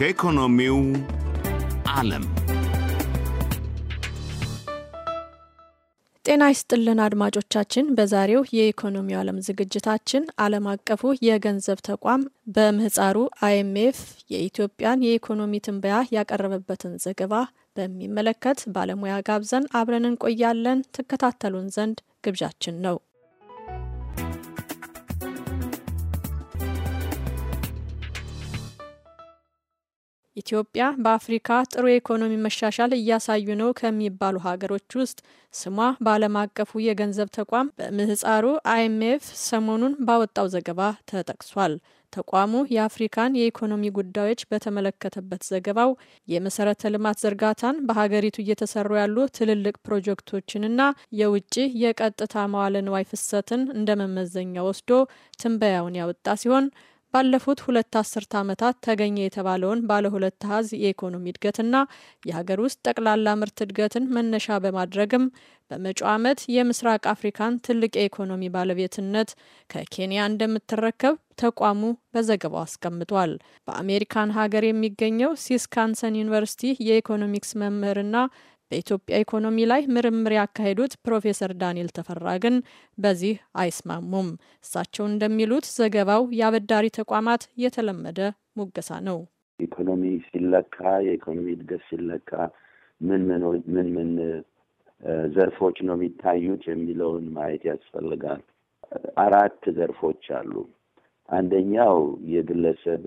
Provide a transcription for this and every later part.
ከኢኮኖሚው ዓለም ጤና ይስጥልን አድማጮቻችን። በዛሬው የኢኮኖሚው ዓለም ዝግጅታችን ዓለም አቀፉ የገንዘብ ተቋም በምህፃሩ አይኤምኤፍ የኢትዮጵያን የኢኮኖሚ ትንበያ ያቀረበበትን ዘገባ በሚመለከት ባለሙያ ጋብዘን አብረን እንቆያለን። ትከታተሉን ዘንድ ግብዣችን ነው። ኢትዮጵያ በአፍሪካ ጥሩ የኢኮኖሚ መሻሻል እያሳዩ ነው ከሚባሉ ሀገሮች ውስጥ ስሟ በዓለም አቀፉ የገንዘብ ተቋም በምህፃሩ አይኤምኤፍ ሰሞኑን ባወጣው ዘገባ ተጠቅሷል። ተቋሙ የአፍሪካን የኢኮኖሚ ጉዳዮች በተመለከተበት ዘገባው የመሰረተ ልማት ዝርጋታን፣ በሀገሪቱ እየተሰሩ ያሉ ትልልቅ ፕሮጀክቶችንና የውጭ የቀጥታ መዋለ ንዋይ ፍሰትን እንደ መመዘኛ ወስዶ ትንበያውን ያወጣ ሲሆን ባለፉት ሁለት አስርተ ዓመታት ተገኘ የተባለውን ባለ ሁለት አሃዝ የኢኮኖሚ እድገትና የሀገር ውስጥ ጠቅላላ ምርት እድገትን መነሻ በማድረግም በመጪው ዓመት የምስራቅ አፍሪካን ትልቅ የኢኮኖሚ ባለቤትነት ከኬንያ እንደምትረከብ ተቋሙ በዘገባው አስቀምጧል። በአሜሪካን ሀገር የሚገኘው ሲስካንሰን ዩኒቨርሲቲ የኢኮኖሚክስ መምህርና በኢትዮጵያ ኢኮኖሚ ላይ ምርምር ያካሄዱት ፕሮፌሰር ዳንኤል ተፈራ ግን በዚህ አይስማሙም። እሳቸው እንደሚሉት ዘገባው የአበዳሪ ተቋማት የተለመደ ሙገሳ ነው። ኢኮኖሚ ሲለካ፣ የኢኮኖሚ እድገት ሲለካ ምን ምን ምን ዘርፎች ነው የሚታዩት የሚለውን ማየት ያስፈልጋል። አራት ዘርፎች አሉ። አንደኛው የግለሰብ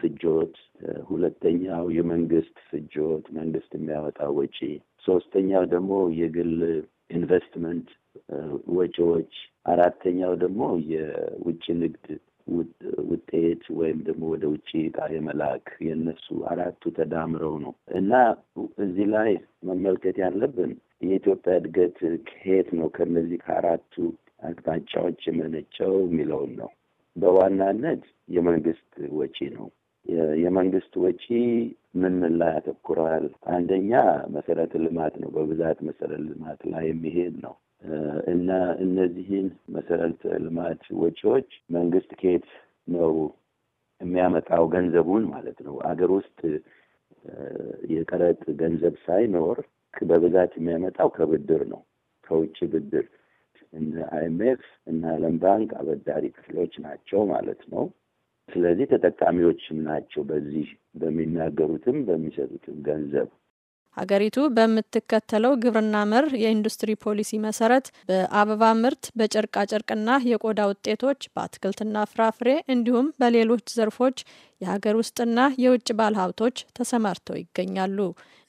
ፍጆት፣ ሁለተኛው የመንግስት ፍጆት መንግስት የሚያወጣ ወጪ፣ ሶስተኛው ደግሞ የግል ኢንቨስትመንት ወጪዎች፣ አራተኛው ደግሞ የውጭ ንግድ ውጤት ወይም ደግሞ ወደ ውጭ ዕቃ የመላክ የነሱ አራቱ ተዳምረው ነው እና እዚህ ላይ መመልከት ያለብን የኢትዮጵያ እድገት ከየት ነው ከነዚህ ከአራቱ አቅጣጫዎች የመነጨው የሚለውን ነው። በዋናነት የመንግስት ወጪ ነው። የመንግስት ወጪ ምን ላይ ያተኩራል? አንደኛ መሰረተ ልማት ነው። በብዛት መሰረተ ልማት ላይ የሚሄድ ነው እና እነዚህን መሰረተ ልማት ወጪዎች መንግስት ከየት ነው የሚያመጣው? ገንዘቡን ማለት ነው። አገር ውስጥ የቀረጥ ገንዘብ ሳይኖር በብዛት የሚያመጣው ከብድር ነው፣ ከውጭ ብድር እነ አይኤምኤፍ እና ዓለም ባንክ አበዳሪ ክፍሎች ናቸው ማለት ነው። ስለዚህ ተጠቃሚዎችም ናቸው በዚህ በሚናገሩትም በሚሰጡትም ገንዘብ። ሀገሪቱ በምትከተለው ግብርና መር የኢንዱስትሪ ፖሊሲ መሰረት በአበባ ምርት፣ በጨርቃጨርቅና የቆዳ ውጤቶች፣ በአትክልትና ፍራፍሬ እንዲሁም በሌሎች ዘርፎች የሀገር ውስጥና የውጭ ባለሀብቶች ተሰማርተው ይገኛሉ።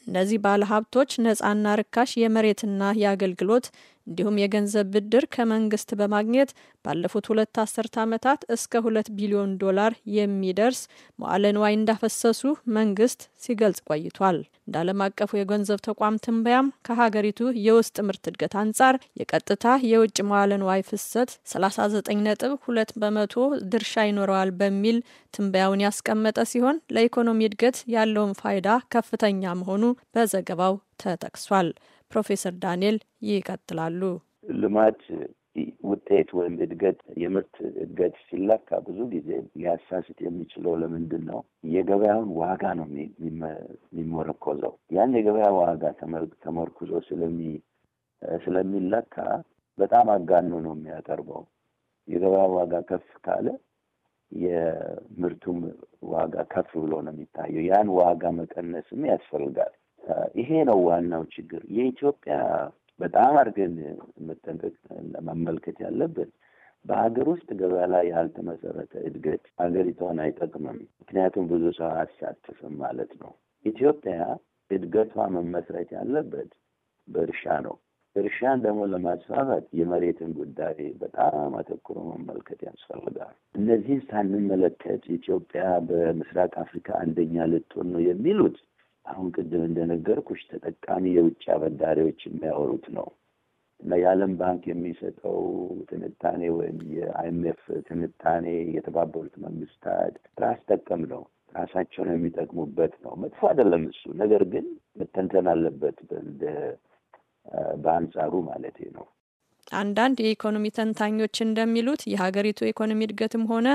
እነዚህ ባለሀብቶች ነፃና ርካሽ የመሬትና የአገልግሎት እንዲሁም የገንዘብ ብድር ከመንግስት በማግኘት ባለፉት ሁለት አስርት ዓመታት እስከ ሁለት ቢሊዮን ዶላር የሚደርስ መዋለ ንዋይ እንዳፈሰሱ መንግስት ሲገልጽ ቆይቷል። እንደ ዓለም አቀፉ የገንዘብ ተቋም ትንበያም ከሀገሪቱ የውስጥ ምርት እድገት አንጻር የቀጥታ የውጭ መዋለ ንዋይ ፍሰት 39.2 በመቶ ድርሻ ይኖረዋል በሚል ትንበያውን ያስቀመጠ ሲሆን ለኢኮኖሚ እድገት ያለውን ፋይዳ ከፍተኛ መሆኑ በዘገባው ተጠቅሷል። ፕሮፌሰር ዳንኤል ይቀጥላሉ። ልማት ውጤት ወይም እድገት የምርት እድገት ሲለካ ብዙ ጊዜ ሊያሳስት የሚችለው ለምንድን ነው? የገበያውን ዋጋ ነው የሚመረኮዘው። ያን የገበያ ዋጋ ተመርኩዞ ስለሚለካ በጣም አጋኖ ነው የሚያቀርበው። የገበያ ዋጋ ከፍ ካለ የምርቱም ዋጋ ከፍ ብሎ ነው የሚታየው። ያን ዋጋ መቀነስም ያስፈልጋል። ይሄ ነው ዋናው ችግር። የኢትዮጵያ በጣም አድርገን መጠንቀቅ መመልከት ያለበት በሀገር ውስጥ ገበያ ላይ ያልተመሰረተ እድገት ሀገሪቷን አይጠቅምም። ምክንያቱም ብዙ ሰው አሳትፍም ማለት ነው። ኢትዮጵያ እድገቷ መመስረት ያለበት በእርሻ ነው። እርሻን ደግሞ ለማስፋፋት የመሬትን ጉዳይ በጣም አተኩሮ መመልከት ያስፈልጋል። እነዚህ ሳንመለከት ኢትዮጵያ በምስራቅ አፍሪካ አንደኛ ልትሆን ነው የሚሉት አሁን ቅድም እንደነገርኩሽ ተጠቃሚ የውጭ አበዳሪዎች የሚያወሩት ነው እና የዓለም ባንክ የሚሰጠው ትንታኔ ወይም የአይኤምኤፍ ትንታኔ የተባበሩት መንግስታት ራስ ጠቀም ነው። ራሳቸውን የሚጠቅሙበት ነው። መጥፎ አይደለም እሱ። ነገር ግን መተንተን አለበት እንደ በአንጻሩ ማለት ነው። አንዳንድ የኢኮኖሚ ተንታኞች እንደሚሉት የሀገሪቱ ኢኮኖሚ እድገትም ሆነ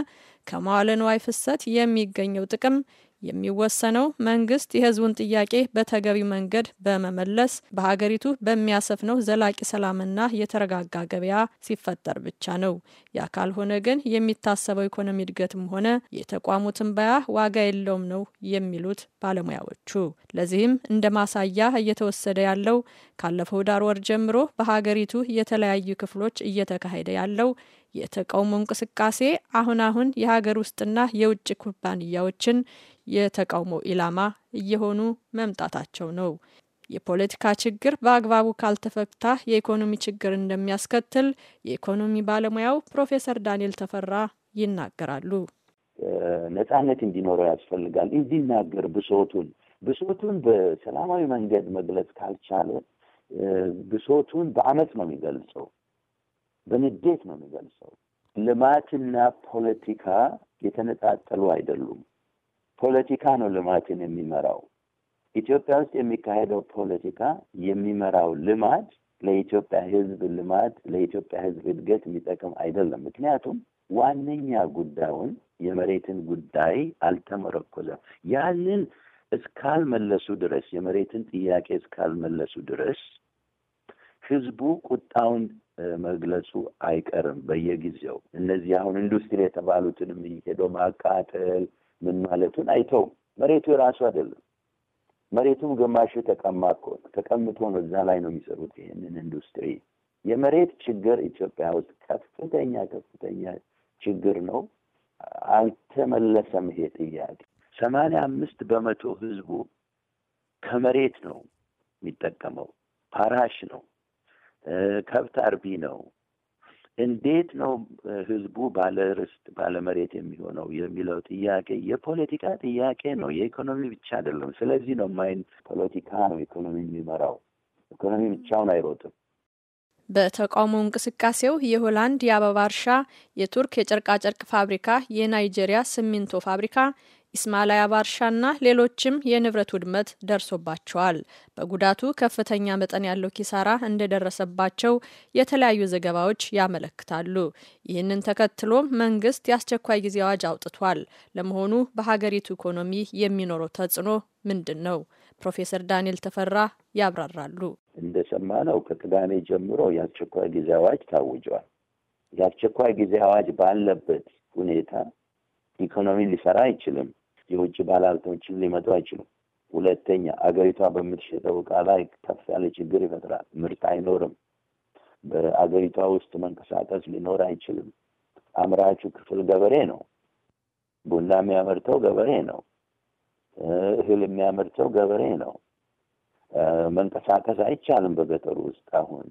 ከመዋለ ንዋይ ፍሰት የሚገኘው ጥቅም የሚወሰነው መንግስት የህዝቡን ጥያቄ በተገቢው መንገድ በመመለስ በሀገሪቱ በሚያሰፍነው ዘላቂ ሰላምና የተረጋጋ ገበያ ሲፈጠር ብቻ ነው። ያ ካልሆነ ግን የሚታሰበው ኢኮኖሚ እድገትም ሆነ የተቋሙ ትንበያ ዋጋ የለውም ነው የሚሉት ባለሙያዎቹ። ለዚህም እንደ ማሳያ እየተወሰደ ያለው ካለፈው ዳር ወር ጀምሮ በሀገሪቱ የተለያዩ ክፍሎች እየተካሄደ ያለው የተቃውሞ እንቅስቃሴ አሁን አሁን የሀገር ውስጥና የውጭ ኩባንያዎችን የተቃውሞ ኢላማ እየሆኑ መምጣታቸው ነው። የፖለቲካ ችግር በአግባቡ ካልተፈታ የኢኮኖሚ ችግር እንደሚያስከትል የኢኮኖሚ ባለሙያው ፕሮፌሰር ዳንኤል ተፈራ ይናገራሉ። ነጻነት እንዲኖረው ያስፈልጋል። እንዲናገር ብሶቱን ብሶቱን በሰላማዊ መንገድ መግለጽ ካልቻለ ብሶቱን በአመት ነው የሚገልጸው፣ በንዴት ነው የሚገልጸው። ልማትና ፖለቲካ የተነጣጠሉ አይደሉም። ፖለቲካ ነው ልማትን የሚመራው። ኢትዮጵያ ውስጥ የሚካሄደው ፖለቲካ የሚመራው ልማት ለኢትዮጵያ ሕዝብ ልማት ለኢትዮጵያ ሕዝብ እድገት የሚጠቅም አይደለም። ምክንያቱም ዋነኛ ጉዳዩን የመሬትን ጉዳይ አልተመረኮዘም። ያንን እስካልመለሱ ድረስ የመሬትን ጥያቄ እስካልመለሱ ድረስ ህዝቡ ቁጣውን መግለጹ አይቀርም በየጊዜው እነዚህ አሁን ኢንዱስትሪ የተባሉትንም ሄዶ ማቃጠል ምን ማለቱን አይተውም። መሬቱ የራሱ አይደለም። መሬቱም ግማሽ ተቀማ እኮ ነው። እዛ ላይ ነው የሚሰሩት ይህንን ኢንዱስትሪ። የመሬት ችግር ኢትዮጵያ ውስጥ ከፍተኛ ከፍተኛ ችግር ነው። አልተመለሰም ይሄ ጥያቄ። ሰማንያ አምስት በመቶ ህዝቡ ከመሬት ነው የሚጠቀመው። ፓራሽ ነው፣ ከብት አርቢ ነው፣ እንዴት ነው ህዝቡ ባለ ርስት ባለ መሬት የሚሆነው የሚለው ጥያቄ የፖለቲካ ጥያቄ ነው፣ የኢኮኖሚ ብቻ አይደለም። ስለዚህ ነው ማይን ፖለቲካ ነው ኢኮኖሚ የሚመራው። ኢኮኖሚ ብቻውን አይሮጥም። በተቃውሞ እንቅስቃሴው የሆላንድ የአበባ እርሻ፣ የቱርክ የጨርቃጨርቅ ፋብሪካ፣ የናይጄሪያ ሲሚንቶ ፋብሪካ፣ ኢስማኤላ ባርሻና ሌሎችም የንብረት ውድመት ደርሶባቸዋል። በጉዳቱ ከፍተኛ መጠን ያለው ኪሳራ እንደደረሰባቸው የተለያዩ ዘገባዎች ያመለክታሉ። ይህንን ተከትሎም መንግስት የአስቸኳይ ጊዜ አዋጅ አውጥቷል። ለመሆኑ በሀገሪቱ ኢኮኖሚ የሚኖረው ተጽዕኖ ምንድን ነው? ፕሮፌሰር ዳንኤል ተፈራ ያብራራሉ። እንደሰማነው ከቅዳሜ ጀምሮ የአስቸኳይ ጊዜ አዋጅ ታውጇል። የአስቸኳይ ጊዜ አዋጅ ባለበት ሁኔታ ኢኮኖሚ ሊሰራ አይችልም። የውጭ ባለሀብቶችን ሊመጡ አይችሉም። ሁለተኛ አገሪቷ በምትሸጠው እቃ ላይ ከፍ ያለ ችግር ይፈጥራል። ምርት አይኖርም። በአገሪቷ ውስጥ መንቀሳቀስ ሊኖር አይችልም። አምራቹ ክፍል ገበሬ ነው። ቡና የሚያመርተው ገበሬ ነው። እህል የሚያመርተው ገበሬ ነው። መንቀሳቀስ አይቻልም። በገጠሩ ውስጥ አሁን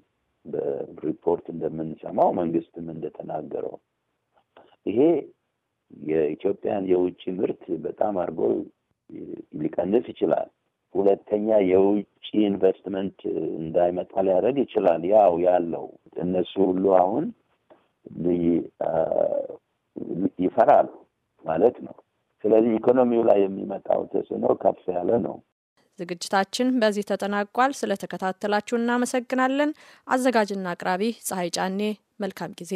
በሪፖርት እንደምንሰማው መንግስትም እንደተናገረው ይሄ የኢትዮጵያን የውጭ ምርት በጣም አድርጎ ሊቀንስ ይችላል። ሁለተኛ የውጭ ኢንቨስትመንት እንዳይመጣ ሊያደርግ ይችላል። ያው ያለው እነሱ ሁሉ አሁን ይፈራሉ ማለት ነው። ስለዚህ ኢኮኖሚው ላይ የሚመጣው ተጽዕኖ ከፍ ያለ ነው። ዝግጅታችን በዚህ ተጠናቋል። ስለተከታተላችሁ እናመሰግናለን። አዘጋጅና አቅራቢ ፀሐይ ጫኔ። መልካም ጊዜ